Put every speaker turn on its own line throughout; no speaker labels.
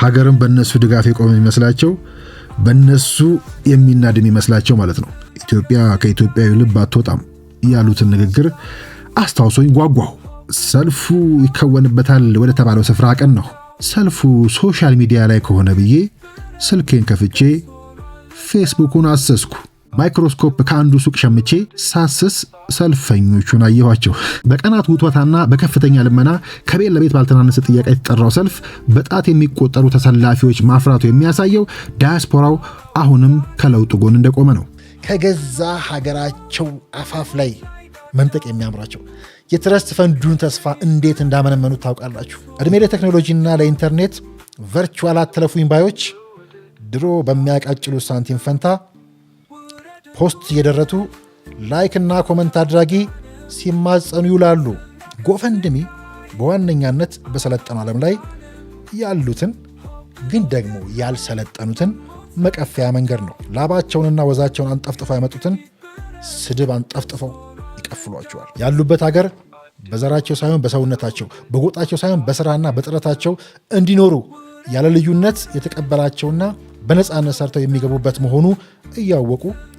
ሀገርም በእነሱ ድጋፍ የቆመ የሚመስላቸው በእነሱ የሚናድም ይመስላቸው ማለት ነው። ኢትዮጵያ ከኢትዮጵያዊ ልብ አትወጣም ያሉትን ንግግር አስታውሶኝ ጓጓሁ። ሰልፉ ይከወንበታል ወደ ተባለው ስፍራ አቀን ነው። ሰልፉ ሶሻል ሚዲያ ላይ ከሆነ ብዬ ስልኬን ከፍቼ ፌስቡኩን አሰስኩ። ማይክሮስኮፕ ከአንዱ ሱቅ ሸምቼ ሳስስ ሰልፈኞቹን አየኋቸው። በቀናት ውትወታና በከፍተኛ ልመና ከቤት ለቤት ባልተናነሰ ጥያቄ የተጠራው ሰልፍ በጣት የሚቆጠሩ ተሰላፊዎች ማፍራቱ የሚያሳየው ዳያስፖራው አሁንም ከለውጡ ጎን እንደቆመ ነው።
ከገዛ ሀገራቸው አፋፍ ላይ መንጠቅ የሚያምራቸው የትረስት ፈንዱን ተስፋ እንዴት እንዳመነመኑት ታውቃላችሁ። እድሜ ለቴክኖሎጂና ለኢንተርኔት ቨርቹዋል አትለፉኝ ባዮች ድሮ በሚያቃጭሉ ሳንቲም ፈንታ ፖስት እየደረቱ ላይክ እና ኮመንት አድራጊ ሲማጸኑ ይውላሉ። ጎፈንድሚ በዋነኛነት በሰለጠኑ ዓለም ላይ ያሉትን ግን ደግሞ ያልሰለጠኑትን መቀፈያ መንገድ ነው። ላባቸውንና ወዛቸውን አንጠፍጥፈው ያመጡትን ስድብ አንጠፍጥፈው ይቀፍሏቸዋል። ያሉበት ሀገር በዘራቸው ሳይሆን በሰውነታቸው፣ በጎጣቸው ሳይሆን በስራና በጥረታቸው እንዲኖሩ ያለ ልዩነት የተቀበላቸውና በነፃነት ሰርተው የሚገቡበት መሆኑ እያወቁ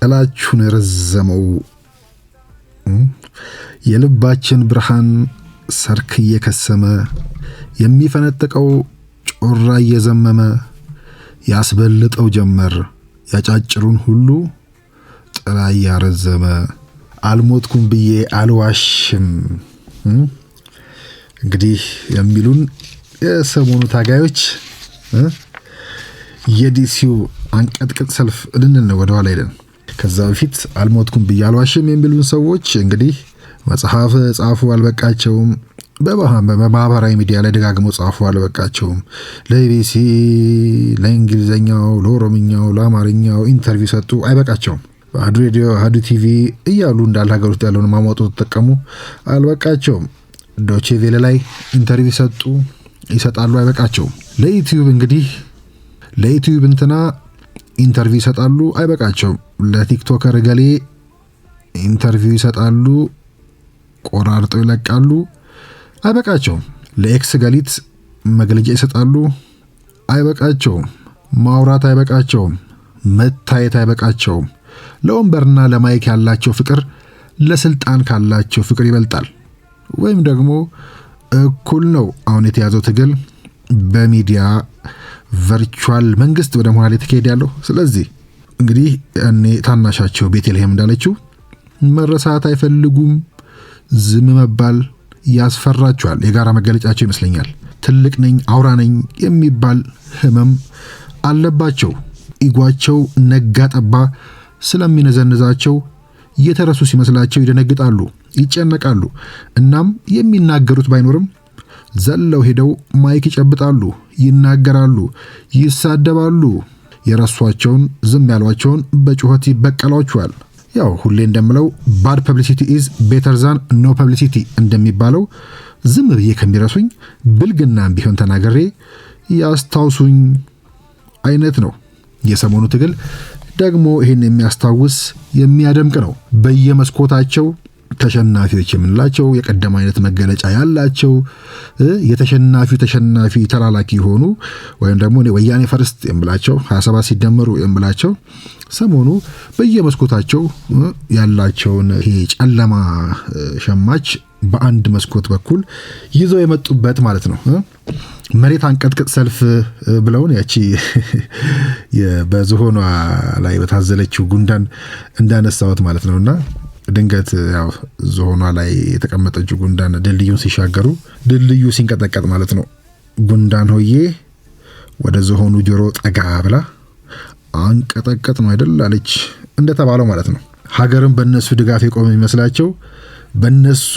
ጥላችሁን የረዘመው የልባችን ብርሃን ሰርክ እየከሰመ የሚፈነጥቀው ጮራ እየዘመመ ያስበልጠው ጀመር ያጫጭሩን ሁሉ ጥላ እያረዘመ አልሞትኩም ብዬ አልዋሽም እንግዲህ የሚሉን የሰሞኑ ታጋዮች የዲሲው አንቀጥቅጥ ሰልፍ ልንል ነው። ወደኋላ ሄደን ከዛ በፊት አልሞትኩም ብዬ አልዋሽም የሚሉን ሰዎች እንግዲህ መጽሐፍ ጻፉ አልበቃቸውም። በማህበራዊ ሚዲያ ላይ ደጋግሞ ጻፉ አልበቃቸውም። ለቢሲ ለእንግሊዘኛው፣ ለኦሮምኛው፣ ለአማርኛው ኢንተርቪው ሰጡ፣ አይበቃቸውም። አህዱ ሬዲዮ፣ አዱ ቲቪ እያሉ እንዳለ ሀገር ውስጥ ያለውን ማሟጦ ተጠቀሙ፣ አልበቃቸውም። ዶቼ ቬለ ላይ ኢንተርቪው ሰጡ፣ ይሰጣሉ፣ አይበቃቸውም። ለዩትዩብ እንግዲህ ለዩትዩብ እንትና ኢንተርቪው ይሰጣሉ፣ አይበቃቸውም። ለቲክቶከር ገሌ ኢንተርቪው ይሰጣሉ፣ ቆራርጠው ይለቃሉ፣ አይበቃቸውም። ለኤክስ ገሊት መግለጫ ይሰጣሉ፣ አይበቃቸውም። ማውራት አይበቃቸውም። መታየት አይበቃቸውም። ለወንበርና ለማይክ ያላቸው ፍቅር ለስልጣን ካላቸው ፍቅር ይበልጣል። ወይም ደግሞ እኩል ነው። አሁን የተያዘው ትግል በሚዲያ ቨርቹዋል መንግስት ወደ መዋል የተካሄደ ያለው ስለዚህ እንግዲህ እኔ ታናሻቸው ቤተልሔም እንዳለችው መረሳት አይፈልጉም። ዝም መባል ያስፈራቸዋል። የጋራ መገለጫቸው ይመስለኛል። ትልቅ ነኝ፣ አውራ ነኝ የሚባል ህመም አለባቸው። ኢጓቸው ነጋ ጠባ ስለሚነዘንዛቸው የተረሱ ሲመስላቸው ይደነግጣሉ፣ ይጨነቃሉ። እናም የሚናገሩት ባይኖርም ዘለው ሄደው ማይክ ይጨብጣሉ፣ ይናገራሉ፣ ይሳደባሉ። የረሷቸውን ዝም ያሏቸውን በጩኸት ይበቀሏቸዋል። ያው ሁሌ እንደምለው ባድ ፐብሊሲቲ ኢዝ ቤተር ዛን ኖ ፐብሊሲቲ እንደሚባለው ዝም ብዬ ከሚረሱኝ ብልግና ቢሆን ተናገሬ ያስታውሱኝ አይነት ነው። የሰሞኑ ትግል ደግሞ ይህን የሚያስታውስ የሚያደምቅ ነው። በየመስኮታቸው ተሸናፊዎች የምንላቸው የቀደም አይነት መገለጫ ያላቸው የተሸናፊው ተሸናፊ ተላላኪ የሆኑ ወይም ደግሞ ወያኔ ፈርስት የምላቸው 27 ሲደመሩ የምላቸው ሰሞኑ በየመስኮታቸው ያላቸውን ይሄ ጨለማ ሸማች በአንድ መስኮት በኩል ይዘው የመጡበት ማለት ነው። መሬት አንቀጥቅጥ ሰልፍ ብለውን ያቺ በዝሆኗ ላይ በታዘለችው ጉንዳን እንዳነሳሁት ማለት ነውና ድንገት ያው ዝሆኗ ላይ የተቀመጠችው ጉንዳን ድልድዩን ሲሻገሩ ድልድዩ ሲንቀጠቀጥ ማለት ነው። ጉንዳን ሆዬ ወደ ዝሆኑ ጆሮ ጠጋ ብላ አንቀጠቀጥ ነው አይደል አለች፣ እንደተባለው ማለት ነው።
ሀገርም በነሱ ድጋፍ የቆመ የሚመስላቸው በነሱ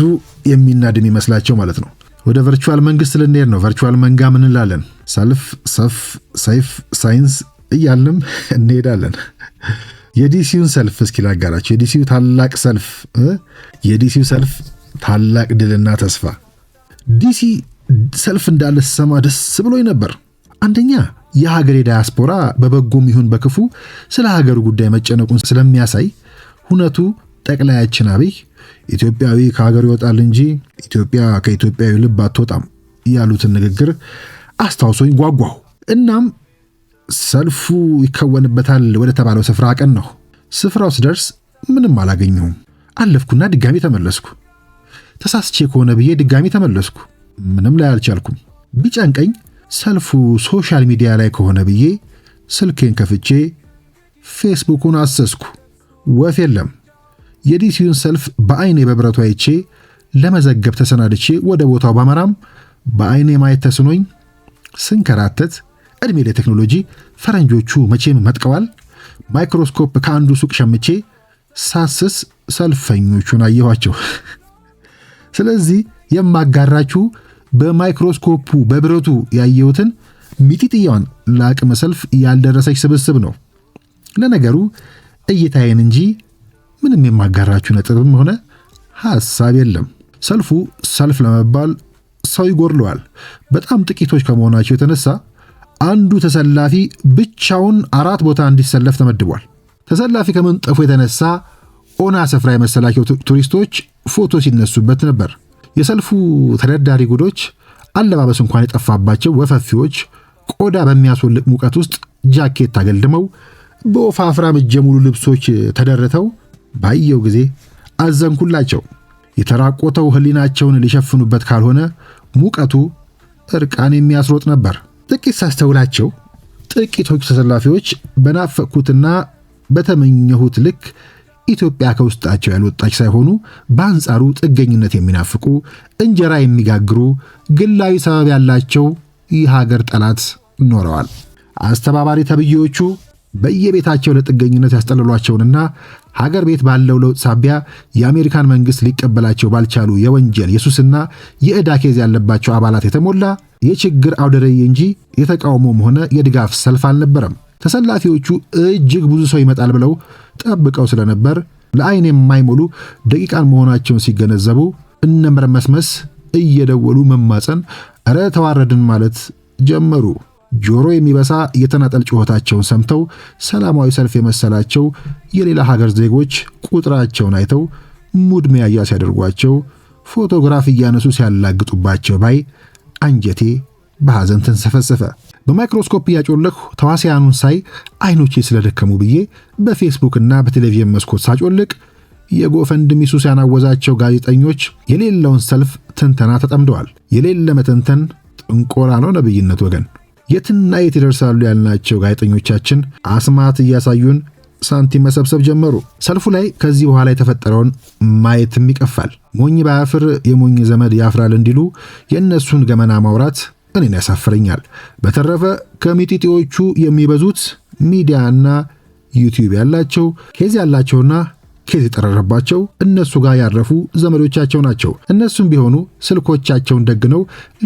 የሚናድም የሚመስላቸው ማለት ነው። ወደ ቨርቹዋል መንግስት ልንሄድ ነው። ቨርቹዋል መንጋ ምን እንላለን? ሰልፍ፣ ሰፍ፣ ሰይፍ፣ ሳይንስ እያልንም እንሄዳለን። የዲሲውን ሰልፍ እስኪናገራቸው የዲሲው ታላቅ ሰልፍ የዲሲው ሰልፍ ታላቅ ድልና ተስፋ ዲሲ ሰልፍ እንዳለ ስሰማ ደስ ብሎኝ ነበር። አንደኛ የሀገሬ ዳያስፖራ በበጎም ይሁን በክፉ ስለ ሀገሩ ጉዳይ መጨነቁን ስለሚያሳይ ሁነቱ ጠቅላያችን አብይ ኢትዮጵያዊ ከሀገሩ ይወጣል እንጂ ኢትዮጵያ ከኢትዮጵያዊ ልብ አትወጣም ያሉትን ንግግር አስታውሶኝ ጓጓሁ። እናም ሰልፉ ይከወንበታል ወደ ተባለው ስፍራ ቀን ነው። ስፍራው ስደርስ ምንም አላገኘሁም። አለፍኩና ድጋሚ ተመለስኩ። ተሳስቼ ከሆነ ብዬ ድጋሚ ተመለስኩ። ምንም ላይ አልቻልኩም። ቢጨንቀኝ ሰልፉ ሶሻል ሚዲያ ላይ ከሆነ ብዬ ስልኬን ከፍቼ ፌስቡኩን አሰስኩ። ወፍ የለም። የዲሲዩን ሰልፍ በአይኔ በብረቱ አይቼ ለመዘገብ ተሰናድቼ ወደ ቦታው ባመራም በአይኔ ማየት ተስኖኝ ስንከራተት ዕድሜ ለቴክኖሎጂ ፈረንጆቹ መቼም መጥቀዋል። ማይክሮስኮፕ ከአንዱ ሱቅ ሸምቼ ሳስስ ሰልፈኞቹን አየኋቸው። ስለዚህ የማጋራችሁ በማይክሮስኮፑ በብረቱ ያየሁትን ሚጢጥያዋን ለአቅመ ሰልፍ ያልደረሰች ስብስብ ነው። ለነገሩ እይታዬን እንጂ ምንም የማጋራችሁ ነጥብም ሆነ ሐሳብ የለም። ሰልፉ ሰልፍ ለመባል ሰው ይጎድለዋል። በጣም ጥቂቶች ከመሆናቸው የተነሳ አንዱ ተሰላፊ ብቻውን አራት ቦታ እንዲሰለፍ ተመድቧል። ተሰላፊ ከመንጠፉ የተነሳ ኦና ስፍራ የመሰላቸው ቱሪስቶች ፎቶ ሲነሱበት ነበር። የሰልፉ ተደዳሪ ጉዶች አለባበስ እንኳን የጠፋባቸው ወፈፊዎች ቆዳ በሚያስወልቅ ሙቀት ውስጥ ጃኬት አገልድመው በወፋፍራ እጀ ሙሉ ልብሶች ተደርተው ባየው ጊዜ አዘንኩላቸው። የተራቆተው ሕሊናቸውን ሊሸፍኑበት ካልሆነ ሙቀቱ እርቃን የሚያስሮጥ ነበር። ጥቂት ሳስተውላቸው ጥቂቶቹ ተሰላፊዎች በናፈቅኩትና በተመኘሁት ልክ ኢትዮጵያ ከውስጣቸው ያልወጣች ሳይሆኑ በአንጻሩ ጥገኝነት የሚናፍቁ እንጀራ የሚጋግሩ ግላዊ ሰበብ ያላቸው የሀገር ጠላት ኖረዋል። አስተባባሪ ተብዬዎቹ በየቤታቸው ለጥገኝነት ያስጠለሏቸውንና ሀገር ቤት ባለው ለውጥ ሳቢያ የአሜሪካን መንግሥት ሊቀበላቸው ባልቻሉ የወንጀል የሱስና የዕዳ ኬዝ ያለባቸው አባላት የተሞላ የችግር አውደረይ እንጂ የተቃውሞም ሆነ የድጋፍ ሰልፍ አልነበረም። ተሰላፊዎቹ እጅግ ብዙ ሰው ይመጣል ብለው ጠብቀው ስለነበር ለአይን የማይሞሉ ደቂቃን መሆናቸውን ሲገነዘቡ እነመርመስመስ እየደወሉ መማፀን፣ እረ ተዋረድን ማለት ጀመሩ። ጆሮ የሚበሳ የተናጠል ጩኸታቸውን ሰምተው ሰላማዊ ሰልፍ የመሰላቸው የሌላ ሀገር ዜጎች ቁጥራቸውን አይተው ሙድ መያዣ ሲያደርጓቸው ፎቶግራፍ እያነሱ ሲያላግጡባቸው ባይ አንጀቴ በሐዘን ተንሰፈሰፈ። በማይክሮስኮፕ እያጮለቅሁ ተዋሲያኑን ሳይ አይኖቼ ስለደከሙ ብዬ በፌስቡክና በቴሌቪዥን መስኮት ሳጮልቅ የጎፈንድሚ ሱስ ያናወዛቸው ጋዜጠኞች የሌለውን ሰልፍ ትንተና ተጠምደዋል። የሌለ መተንተን ጥንቆላ ነው ነብይነት ወገን። የትና የት ይደርሳሉ ያልናቸው ጋዜጠኞቻችን አስማት እያሳዩን ሳንቲም መሰብሰብ ጀመሩ። ሰልፉ ላይ ከዚህ በኋላ የተፈጠረውን ማየትም ይቀፋል። ሞኝ ባያፍር የሞኝ ዘመድ ያፍራል እንዲሉ የእነሱን ገመና ማውራት እኔን ያሳፍረኛል። በተረፈ ከሚጢጢዎቹ የሚበዙት ሚዲያና ዩቲዩብ ያላቸው ኬዝ ያላቸውና ኬዝ የጠረረባቸው እነሱ ጋር ያረፉ ዘመዶቻቸው ናቸው። እነሱም ቢሆኑ ስልኮቻቸውን ደግነው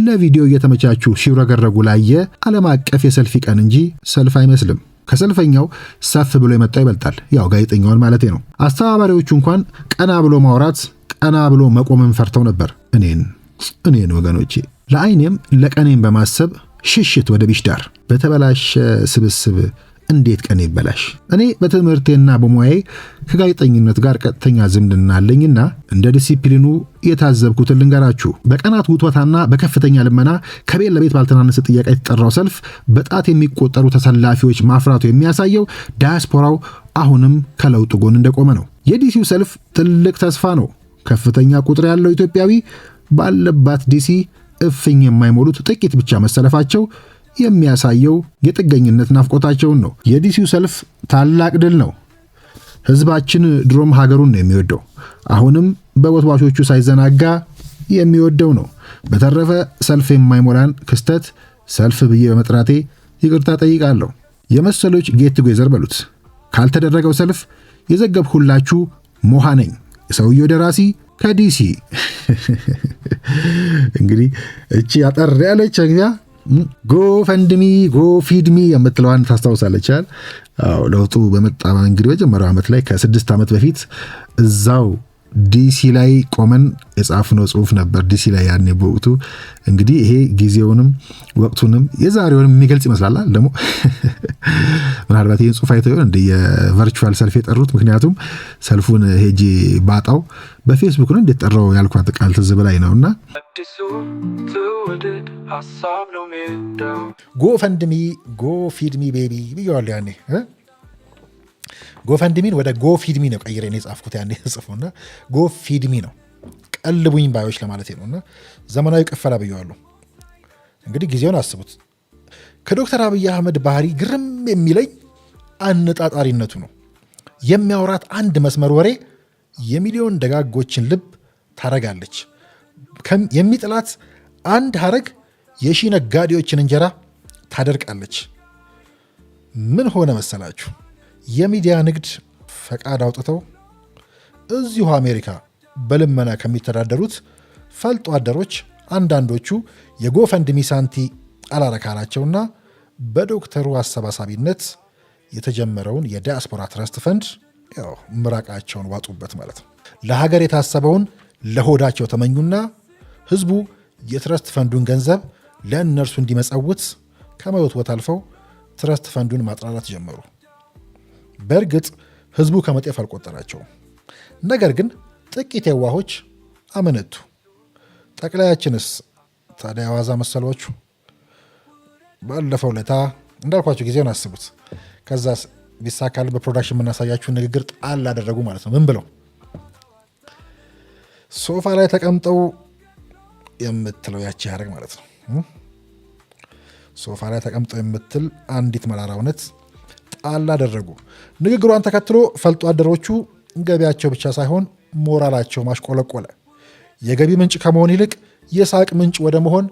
ለቪዲዮ እየተመቻቹ ሲውረገረጉ ላየ ዓለም አቀፍ የሰልፊ ቀን እንጂ ሰልፍ አይመስልም። ከሰልፈኛው ሰፍ ብሎ የመጣው ይበልጣል። ያው ጋዜጠኛውን ማለቴ ነው። አስተባባሪዎቹ እንኳን ቀና ብሎ ማውራት፣ ቀና ብሎ መቆምን ፈርተው ነበር። እኔን እኔን ወገኖቼ ለአይኔም ለቀኔም በማሰብ ሽሽት ወደ ቢሽ ዳር በተበላሸ ስብስብ እንዴት ቀን ይበላሽ? እኔ በትምህርቴና በሙያዬ ከጋዜጠኝነት ጋር ቀጥተኛ ዝምድና አለኝና እንደ ዲሲፕሊኑ የታዘብኩትን ልንገራችሁ። በቀናት ውትወታና በከፍተኛ ልመና ከቤት ለቤት ባልተናነሰ ጥያቄ የተጠራው ሰልፍ በጣት የሚቆጠሩ ተሰላፊዎች ማፍራቱ የሚያሳየው ዳያስፖራው አሁንም ከለውጥ ጎን እንደቆመ ነው። የዲሲው ሰልፍ ትልቅ ተስፋ ነው። ከፍተኛ ቁጥር ያለው ኢትዮጵያዊ ባለባት ዲሲ እፍኝ የማይሞሉት ጥቂት ብቻ መሰለፋቸው የሚያሳየው የጥገኝነት ናፍቆታቸውን ነው። የዲሲው ሰልፍ ታላቅ ድል ነው። ህዝባችን ድሮም ሀገሩን ነው የሚወደው፣ አሁንም በወትዋሾቹ ሳይዘናጋ የሚወደው ነው። በተረፈ ሰልፍ የማይሞላን ክስተት ሰልፍ ብዬ በመጥራቴ ይቅርታ ጠይቃለሁ። የመሰሎች ጌት ቱጌዘር በሉት። ካልተደረገው ሰልፍ የዘገብሁላችሁ ሞሃ ነኝ፣ የሰውየው ደራሲ ከዲሲ። እንግዲህ እቺ አጠር ያለች ጎፈንድሚ ጎፊድሚ የምትለዋን ታስታውሳለች ለውጡ በመጣ እንግዲህ መጀመሪያው ዓመት ላይ ከስድስት ዓመት በፊት እዛው ዲሲ ላይ ቆመን የጻፍነው ጽሁፍ ነበር። ዲሲ ላይ ያኔ በወቅቱ እንግዲህ ይሄ ጊዜውንም ወቅቱንም የዛሬውንም የሚገልጽ ይመስላል ደግሞ ምናልባት ይህን ጽሁፍ አይተው ይሆን እንደ የቨርቹዋል ሰልፍ የጠሩት። ምክንያቱም ሰልፉን ሄጄ ባጣው በፌስቡክ ነው ጠራው ያልኳት ቃል ትዝ ብላኝ ነው እና
ጎ ፈንድሚ ጎ ፊድሚ ቤቢ ብያዋለሁ ያኔ ጎፈንድሚን ወደ ጎፊድሚ ነው ቀይሬ ነው የጻፍኩት። ያኔ ጽፎና ጎፊድሚ ነው ቀልቡኝ ባዮች ለማለት ነው። እና ዘመናዊ ቅፈላ ብየዋለሁ። እንግዲህ ጊዜውን አስቡት። ከዶክተር አብይ አህመድ ባህሪ ግርም የሚለኝ አነጣጣሪነቱ ነው። የሚያወራት አንድ መስመር ወሬ የሚሊዮን ደጋጎችን ልብ ታረጋለች። የሚጥላት አንድ ሀረግ የሺ ነጋዴዎችን እንጀራ ታደርቃለች። ምን ሆነ መሰላችሁ? የሚዲያ ንግድ ፈቃድ አውጥተው እዚሁ አሜሪካ በልመና ከሚተዳደሩት ፈልጦ አደሮች አንዳንዶቹ የጎፈንድሚ ሳንቲ አላረካላቸውና በዶክተሩ አሰባሳቢነት የተጀመረውን የዲያስፖራ ትረስት ፈንድ ያው ምራቃቸውን ዋጡበት ማለት ነው። ለሀገር የታሰበውን ለሆዳቸው ተመኙና ህዝቡ የትረስት ፈንዱን ገንዘብ ለእነርሱ እንዲመጸውት ከመወትወት አልፈው ትረስት ፈንዱን ማጥራራት ጀመሩ። በእርግጥ ህዝቡ ከመጤፍ አልቆጠራቸውም። ነገር ግን ጥቂት የዋሆች አመነቱ። ጠቅላያችንስ ታዲያ የዋዛ መሰሏችሁ? ባለፈው ለታ እንዳልኳቸው ጊዜውን አስቡት። ከዛ ቢሳካል በፕሮዳክሽን የምናሳያችሁን ንግግር ጣል አደረጉ ማለት ነው። ምን ብለው ሶፋ ላይ ተቀምጠው የምትለው ያቺ ያደረግ ማለት ነው። ሶፋ ላይ ተቀምጠው የምትል አንዲት መራራ እውነት አላደረጉ። ንግግሯን ተከትሎ ፈልጦ አደሮቹ ገቢያቸው ብቻ ሳይሆን ሞራላቸው ማሽቆለቆለ። የገቢ ምንጭ ከመሆን ይልቅ የሳቅ ምንጭ ወደ መሆን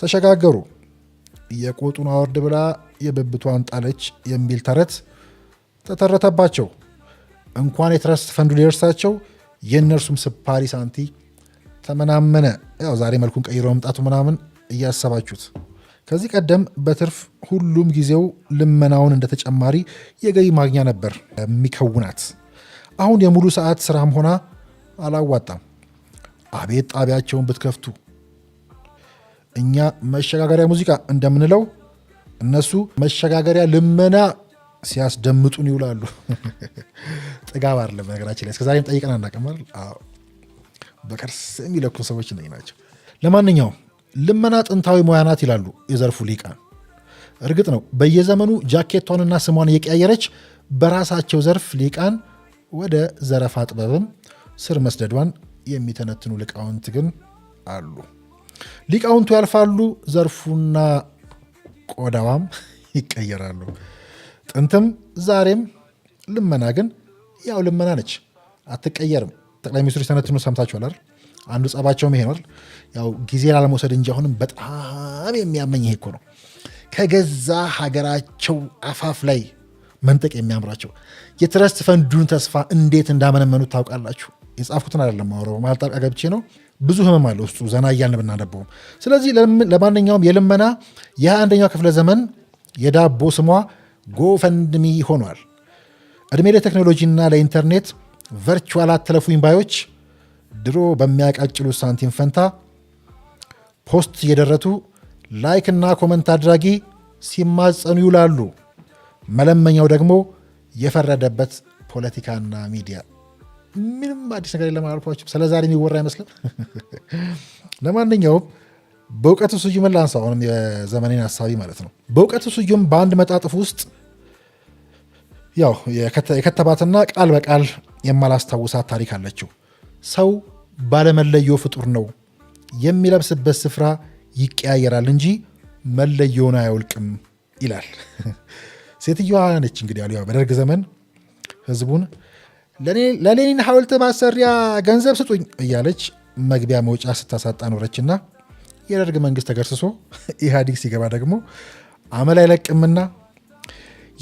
ተሸጋገሩ። የቆጡን አወርድ ብላ የብብቷን ጣለች የሚል ተረት ተተረተባቸው። እንኳን የትረስት ፈንዱ ሊደርሳቸው የእነርሱም ስፓሪ ሳንቲ ተመናመነ። ያው ዛሬ መልኩን ቀይሮ መምጣቱ ምናምን እያሰባችሁት ከዚህ ቀደም በትርፍ ሁሉም ጊዜው ልመናውን እንደ ተጨማሪ የገቢ ማግኛ ነበር የሚከውናት። አሁን የሙሉ ሰዓት ስራም ሆና አላዋጣም። አቤት ጣቢያቸውን ብትከፍቱ! እኛ መሸጋገሪያ ሙዚቃ እንደምንለው እነሱ መሸጋገሪያ ልመና ሲያስደምጡን ይውላሉ። ጥጋብ አለ። በነገራችን ላይ እስከዛሬም ጠይቀን አናቀማል። በከርስ የሚለኩን ሰዎች እነኝ ናቸው። ለማንኛውም ልመና ጥንታዊ ሙያ ናት ይላሉ የዘርፉ ሊቃን። እርግጥ ነው በየዘመኑ ጃኬቷንና ስሟን እየቀያየረች በራሳቸው ዘርፍ ሊቃን ወደ ዘረፋ ጥበብም ስር መስደዷን የሚተነትኑ ሊቃውንት ግን አሉ። ሊቃውንቱ ያልፋሉ፣ ዘርፉና ቆዳዋም ይቀየራሉ። ጥንትም ዛሬም ልመና ግን ያው ልመና ነች፣ አትቀየርም። ጠቅላይ ሚኒስትሩ ሲተነትኑ ሰምታችኋል አይደል? አንዱ ጸባቸውም ይሄ ነው። ያው ጊዜ ላለመውሰድ እንጂ አሁንም በጣም የሚያመኝ ይሄ እኮ ነው። ከገዛ ሀገራቸው አፋፍ ላይ መንጠቅ የሚያምራቸው የትረስት ፈንዱን ተስፋ እንዴት እንዳመነመኑት ታውቃላችሁ። የጻፍኩትን አይደለም ማውረው ማለት ጣልቃ ገብቼ ነው። ብዙ ህመም አለ ውስጡ ዘና እያልን ብናነበውም። ስለዚህ ለማንኛውም የልመና የአንደኛው ክፍለ ዘመን የዳቦ ስሟ ጎፈንድሚ ሆኗል። ዕድሜ ለቴክኖሎጂና ለኢንተርኔት ቨርቹዋል አትለፉኝ ባዮች ድሮ በሚያቃጭሉ ሳንቲም ፈንታ ፖስት እየደረቱ ላይክ እና ኮመንት አድራጊ ሲማጸኑ ይውላሉ። መለመኛው ደግሞ የፈረደበት ፖለቲካና ሚዲያ። ምንም አዲስ ነገር የለም አላልኳችሁም? ስለ ዛሬ የሚወራ አይመስልም። ለማንኛውም በእውቀቱ ስዩምን ላንሳ። አሁንም የዘመኔን ሀሳቢ ማለት ነው። በእውቀቱ ስዩም በአንድ መጣጥፍ ውስጥ ያው የከተባትና ቃል በቃል የማላስታውሳት ታሪክ አለችው። ሰው ባለመለዮ ፍጡር ነው። የሚለብስበት ስፍራ ይቀያየራል እንጂ መለዮን አያውልቅም ይላል። ሴትዮዋ ነች እንግዲህ አሉ በደርግ ዘመን ህዝቡን ለሌኒን ሐውልት ማሰሪያ ገንዘብ ስጡኝ እያለች መግቢያ መውጫ ስታሳጣ ኖረችና የደርግ መንግስት ተገርስሶ ኢህአዲግ ሲገባ ደግሞ አመል አይለቅምና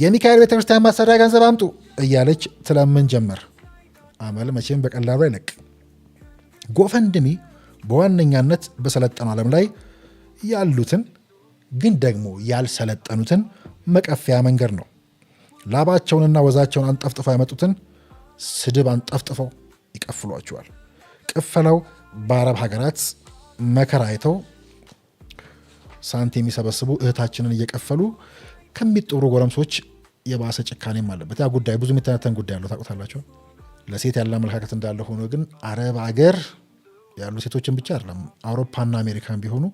የሚካኤል ቤተክርስቲያን ማሰሪያ ገንዘብ አምጡ እያለች ትለምን ጀመር። አመል መቼም በቀላሉ አይለቅም። ጎፈንድሚ በዋነኛነት በሰለጠኑ ዓለም ላይ ያሉትን ግን ደግሞ ያልሰለጠኑትን መቀፈያ መንገድ ነው። ላባቸውንና ወዛቸውን አንጠፍጥፈው ያመጡትን ስድብ አንጠፍጥፈው ይቀፍሏቸዋል። ቅፈላው በአረብ ሀገራት መከራ አይተው ሳንቲም የሚሰበስቡ እህታችንን እየቀፈሉ ከሚጦሩ ጎረምሶች የባሰ ጭካኔም አለበት። ያ ጉዳይ ብዙ የሚተነተን ጉዳይ ያለው ታውቁታላቸው። ለሴት ያለ አመለካከት እንዳለ ሆኖ ግን አረብ አገር ያሉ ሴቶችን ብቻ አይደለም፣ አውሮፓና አሜሪካን ቢሆኑ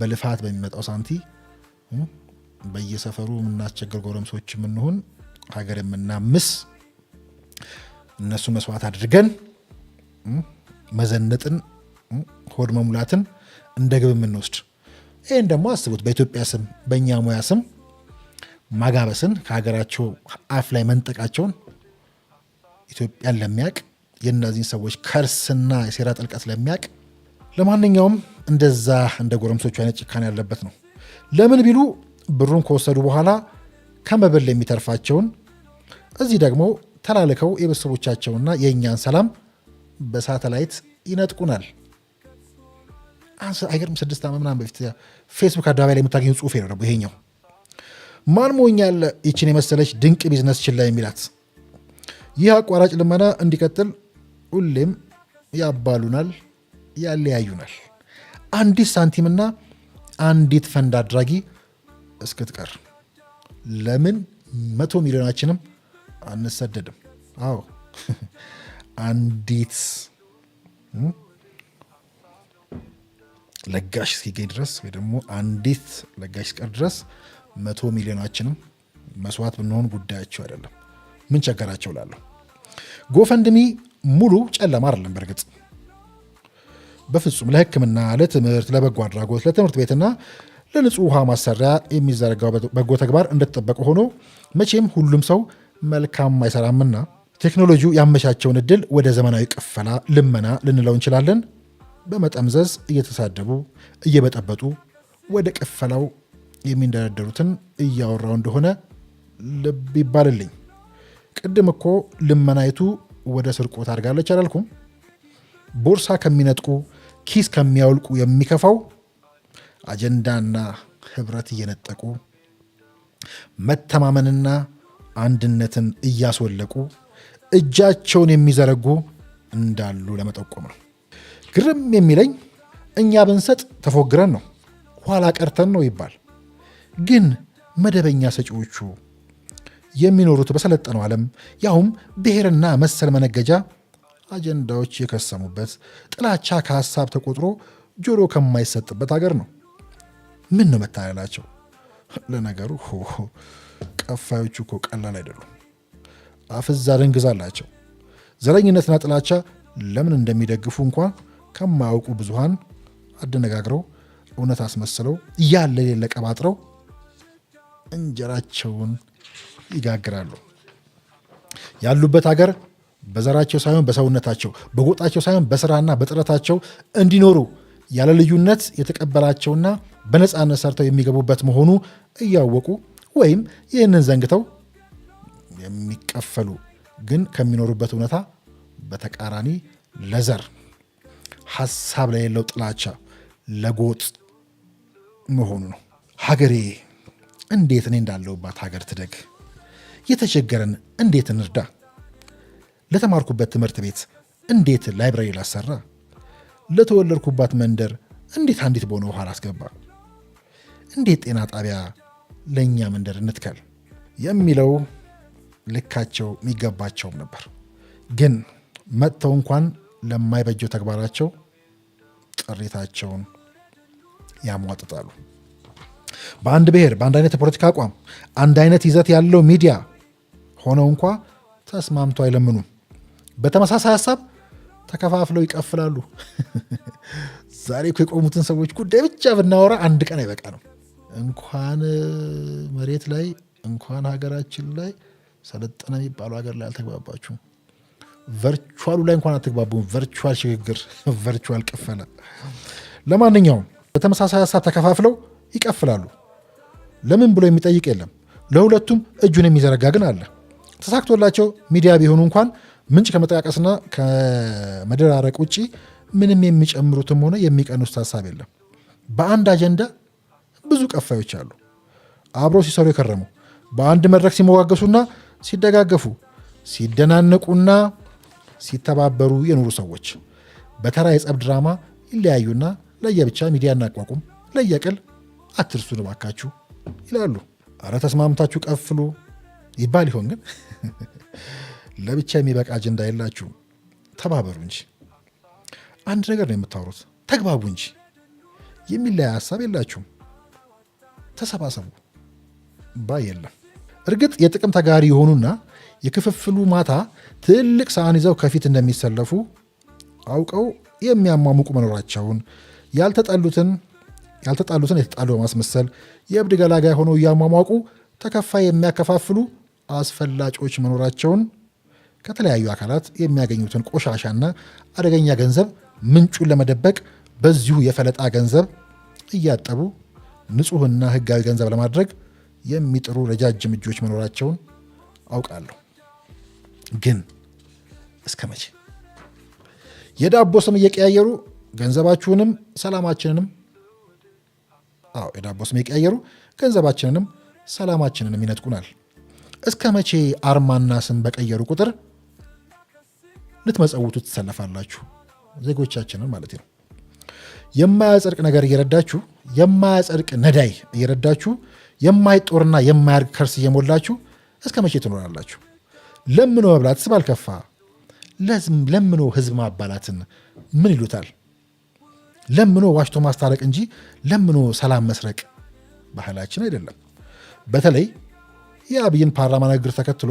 በልፋት በሚመጣው ሳንቲ በየሰፈሩ የምናስቸግር ጎረምሶች የምንሆን ሀገር የምናምስ እነሱን መስዋዕት አድርገን መዘነጥን ሆድ መሙላትን እንደ ግብ የምንወስድ ይህን ደግሞ አስቡት። በኢትዮጵያ ስም በእኛ ሙያ ስም ማጋበስን ከሀገራቸው አፍ ላይ መንጠቃቸውን ኢትዮጵያን ለሚያውቅ የእነዚህን ሰዎች ከርስና የሴራ ጥልቀት ለሚያውቅ ለማንኛውም እንደዛ እንደ ጎረምሶቹ አይነት ጭካኔ ያለበት ነው። ለምን ቢሉ ብሩን ከወሰዱ በኋላ ከመበል የሚተርፋቸውን እዚህ ደግሞ ተላልከው የቤተሰቦቻቸውና የእኛን ሰላም በሳተላይት ይነጥቁናል። አይገርም? ስድስት ዓመት ምናምን በፊት ፌስቡክ አደባባይ ላይ የምታገኘው ጽሁፍ ነው ይሄኛው። ማን ሞኛል ይችን የመሰለች ድንቅ ቢዝነስ ችላ የሚላት? ይህ አቋራጭ ልመና እንዲቀጥል ሁሌም ያባሉናል፣ ያለያዩናል። አንዲት ሳንቲምና አንዲት ፈንድ አድራጊ እስክትቀር ለምን መቶ ሚሊዮናችንም አንሰደድም? አዎ አንዲት ለጋሽ እስኪገኝ ድረስ ወይ ደግሞ አንዲት ለጋሽ እስቀር ድረስ መቶ ሚሊዮናችንም መስዋዕት ብንሆን ጉዳያቸው አይደለም። ምን ቸገራቸው ላለሁ ጎፈንድሚ ሙሉ ጨለማ አይደለም። በእርግጥ በፍጹም ለሕክምና፣ ለትምህርት፣ ለበጎ አድራጎት፣ ለትምህርት ቤትና ለንጹህ ውሃ ማሰሪያ የሚዘረጋው በጎ ተግባር እንደተጠበቀ ሆኖ መቼም ሁሉም ሰው መልካም አይሰራምና ቴክኖሎጂው ያመቻቸውን እድል ወደ ዘመናዊ ቅፈላ፣ ልመና ልንለው እንችላለን በመጠምዘዝ እየተሳደቡ እየበጠበጡ ወደ ቅፈላው የሚንደረደሩትን እያወራው እንደሆነ ልብ ይባልልኝ። ቅድም እኮ ልመናይቱ ወደ ስርቆት አድርጋለች አላልኩም? ቦርሳ ከሚነጥቁ ኪስ ከሚያወልቁ የሚከፋው አጀንዳና ህብረት እየነጠቁ መተማመንና አንድነትን እያስወለቁ እጃቸውን የሚዘረጉ እንዳሉ ለመጠቆም ነው። ግርም የሚለኝ እኛ ብንሰጥ ተፎግረን ነው፣ ኋላ ቀርተን ነው ይባል። ግን መደበኛ ሰጪዎቹ የሚኖሩት በሰለጠነው ዓለም ያውም ብሔርና መሰል መነገጃ አጀንዳዎች የከሰሙበት ጥላቻ ከሀሳብ ተቆጥሮ ጆሮ ከማይሰጥበት አገር ነው። ምን ነው መታለላቸው? ለነገሩ ቀፋዮቹ እኮ ቀላል አይደሉም። አፍዛ ደንግዛ አላቸው። ዘረኝነትና ጥላቻ ለምን እንደሚደግፉ እንኳን ከማያውቁ ብዙሃን አደነጋግረው እውነት አስመስለው እያለ የሌለ ቀባጥረው እንጀራቸውን ይጋግራሉ። ያሉበት ሀገር በዘራቸው ሳይሆን በሰውነታቸው፣ በጎጣቸው ሳይሆን በስራና በጥረታቸው እንዲኖሩ ያለ ልዩነት የተቀበላቸውና በነፃነት ሰርተው የሚገቡበት መሆኑ እያወቁ ወይም ይህንን ዘንግተው የሚቀፈሉ ግን ከሚኖሩበት እውነታ በተቃራኒ ለዘር ሀሳብ ለሌለው ጥላቻ ለጎጥ መሆኑ ነው። ሀገሬ እንዴት እኔ እንዳለሁባት ሀገር ትደግ የተቸገረን እንዴት እንርዳ? ለተማርኩበት ትምህርት ቤት እንዴት ላይብራሪ ላሰራ? ለተወለድኩባት መንደር እንዴት አንዲት በሆነ ውሃ ላስገባ? እንዴት ጤና ጣቢያ ለእኛ መንደር እንትከል የሚለው ልካቸው የሚገባቸውም ነበር። ግን መጥተው እንኳን ለማይበጀው ተግባራቸው ጥሪታቸውን ያሟጥጣሉ። በአንድ ብሔር፣ በአንድ አይነት የፖለቲካ አቋም፣ አንድ አይነት ይዘት ያለው ሚዲያ ሆነው እንኳ ተስማምቶ አይለምኑም። በተመሳሳይ ሀሳብ ተከፋፍለው ይቀፍላሉ። ዛሬ እኮ የቆሙትን ሰዎች ጉዳይ ብቻ ብናወራ አንድ ቀን አይበቃ ነው። እንኳን መሬት ላይ እንኳን ሀገራችን ላይ ሰለጠነ የሚባለው ሀገር ላይ አልተግባባችሁም። ቨርቹዋሉ ላይ እንኳን አትግባቡም። ቨርቹዋል ሽግግር፣ ቨርቹዋል ቅፈላ። ለማንኛውም በተመሳሳይ ሀሳብ ተከፋፍለው ይቀፍላሉ። ለምን ብሎ የሚጠይቅ የለም። ለሁለቱም እጁን የሚዘረጋ ግን አለ። ተሳክቶላቸው ሚዲያ ቢሆኑ እንኳን ምንጭ ከመጠቃቀስና ከመደራረቅ ውጭ ምንም የሚጨምሩትም ሆነ የሚቀንሱት ሀሳብ የለም። በአንድ አጀንዳ ብዙ ቀፋዮች አሉ። አብረው ሲሰሩ የከረሙ በአንድ መድረክ ሲሞጋገሱና ሲደጋገፉ፣ ሲደናነቁና ሲተባበሩ የኖሩ ሰዎች በተራ የጸብ ድራማ ይለያዩና ለየብቻ ሚዲያ እናቋቁም፣ ለየቅል አትርሱን እባካችሁ ይላሉ። እረ ተስማምታችሁ ቀፍሉ ይባል ይሆን ግን ለብቻ የሚበቃ አጀንዳ የላችሁ ተባበሩ እንጂ አንድ ነገር ነው የምታወሩት። ተግባቡ እንጂ የሚለያ ሀሳብ የላችሁም። ተሰባሰቡ ባይ የለም። እርግጥ የጥቅም ተጋሪ የሆኑና የክፍፍሉ ማታ ትልቅ ሰሃን ይዘው ከፊት እንደሚሰለፉ አውቀው የሚያሟሙቁ መኖራቸውን ያልተጠሉትን ያልተጣሉትን የተጣሉ በማስመሰል የእብድ ገላጋይ ሆነው እያሟሟቁ ተከፋይ የሚያከፋፍሉ አስፈላጮች መኖራቸውን ከተለያዩ አካላት የሚያገኙትን ቆሻሻና አደገኛ ገንዘብ ምንጩን ለመደበቅ በዚሁ የፈለጣ ገንዘብ እያጠቡ ንጹህና ህጋዊ ገንዘብ ለማድረግ የሚጥሩ ረጃጅም እጆች መኖራቸውን አውቃለሁ። ግን እስከ መቼ የዳቦ ስም እየቀያየሩ ገንዘባችሁንም ሰላማችንንም አዎ የዳቦ ስም እየቀያየሩ ገንዘባችንንም ሰላማችንንም ይነጥቁናል። እስከ መቼ አርማና ስም በቀየሩ ቁጥር ልትመጸውቱ ትሰለፋላችሁ? ዜጎቻችንን ማለት ነው። የማያጸድቅ ነገር እየረዳችሁ፣ የማያጸድቅ ነዳይ እየረዳችሁ፣ የማይጦርና የማያርግ ከርስ እየሞላችሁ እስከ መቼ ትኖራላችሁ? ለምኖ መብላትስ ባልከፋ፣ ለምኖ ህዝብ ማባላትን ምን ይሉታል? ለምኖ ዋሽቶ ማስታረቅ እንጂ ለምኖ ሰላም መስረቅ ባህላችን አይደለም። በተለይ የአብይን ፓርላማ ንግግር ተከትሎ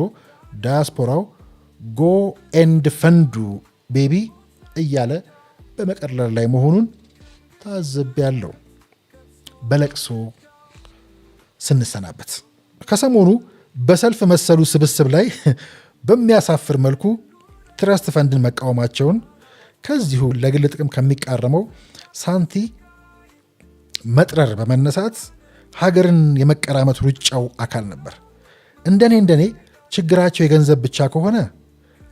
ዳያስፖራው ጎ ኤንድ ፈንዱ ቤቢ እያለ በመቀለር ላይ መሆኑን ያለው በለቅሶ ስንሰናበት ከሰሞኑ በሰልፍ መሰሉ ስብስብ ላይ በሚያሳፍር መልኩ ትረስት ፈንድን መቃወማቸውን ከዚሁ ለግል ጥቅም ከሚቃረመው ሳንቲ መጥረር በመነሳት ሀገርን የመቀራመት ሩጫው አካል ነበር። እንደኔ እንደኔ ችግራቸው የገንዘብ ብቻ ከሆነ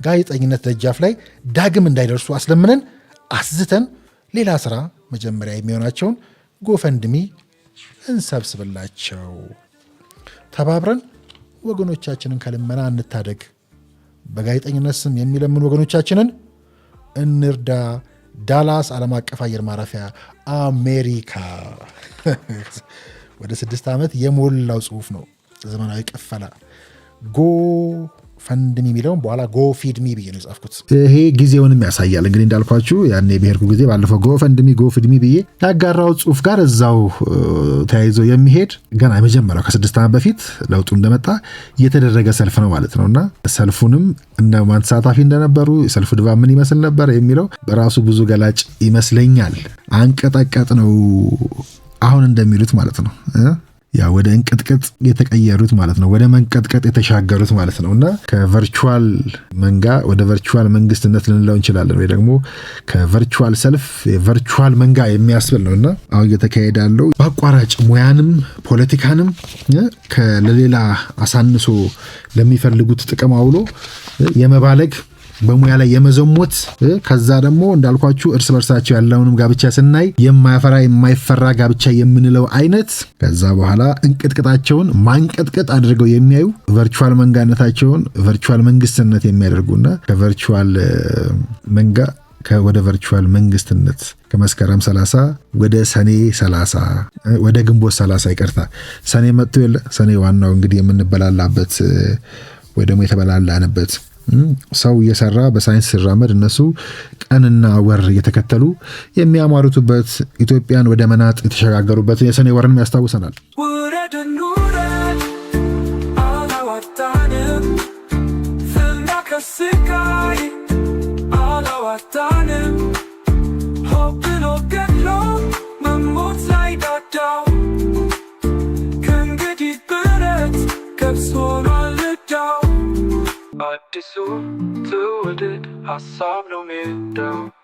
ጋዜጠኝነት ደጃፍ ላይ ዳግም እንዳይደርሱ አስለምነን አስዝተን ሌላ ስራ መጀመሪያ የሚሆናቸውን ጎፈንድሚ እንሰብስብላቸው። ተባብረን ወገኖቻችንን ከልመና እንታደግ። በጋዜጠኝነት ስም የሚለምን ወገኖቻችንን እንርዳ። ዳላስ ዓለም አቀፍ አየር ማረፊያ አሜሪካ። ወደ ስድስት ዓመት የሞላው ጽሁፍ ነው። ዘመናዊ ቅፈላ ጎ ፈንድሚ የሚለውን በኋላ ጎ ፊድሚ ብዬ ነው የጻፍኩት። ይሄ ጊዜውንም ያሳያል። እንግዲህ እንዳልኳችሁ ያኔ ብሔርኩ ጊዜ ባለፈው ጎ ፈንድሚ ጎ ፊድሚ ብዬ ያጋራው ጽሁፍ ጋር እዛው ተያይዞ የሚሄድ ገና የመጀመሪያው ከስድስት ዓመት በፊት ለውጡ እንደመጣ የተደረገ ሰልፍ ነው ማለት ነው እና ሰልፉንም እነማን ተሳታፊ እንደነበሩ የሰልፉ ድባብ ምን ይመስል ነበር የሚለው በራሱ ብዙ ገላጭ ይመስለኛል። አንቀጠቀጥ ነው አሁን እንደሚሉት ማለት ነው። ያ ወደ እንቅጥቅጥ የተቀየሩት ማለት ነው፣ ወደ መንቀጥቀጥ የተሻገሩት ማለት ነው እና ከቨርቹዋል መንጋ ወደ ቨርቹዋል መንግስትነት ልንለው እንችላለን ወይ ደግሞ ከቨርቹዋል ሰልፍ የቨርቹዋል መንጋ የሚያስብል ነው እና አሁን እየተካሄደ ያለው በአቋራጭ ሙያንም ፖለቲካንም ለሌላ አሳንሶ ለሚፈልጉት ጥቅም አውሎ የመባለግ በሙያ ላይ የመዘሞት ከዛ ደግሞ እንዳልኳችሁ እርስ በርሳቸው ያለውንም ጋብቻ ስናይ የማያፈራ የማይፈራ ጋብቻ የምንለው አይነት ከዛ በኋላ እንቅጥቅጣቸውን ማንቀጥቀጥ አድርገው የሚያዩ ቨርቹዋል መንጋነታቸውን ቨርቹዋል መንግስትነት የሚያደርጉና ከቨርቹዋል መንጋ ወደ ቨርቹዋል መንግስትነት ከመስከረም 30 ወደ ሰኔ 30 ወደ ግንቦት 30 ይቅርታ፣ ሰኔ መጥቶ የለ ሰኔ ዋናው እንግዲህ የምንበላላበት ወይ ደግሞ የተበላላንበት ሰው እየሰራ በሳይንስ ሲራመድ እነሱ ቀንና ወር እየተከተሉ የሚያሟርቱበት ኢትዮጵያን ወደ መናጥ የተሸጋገሩበትን የሰኔ ወርንም ያስታውሰናል። ከእንግዲህ ብረት I disordered, I saw no middle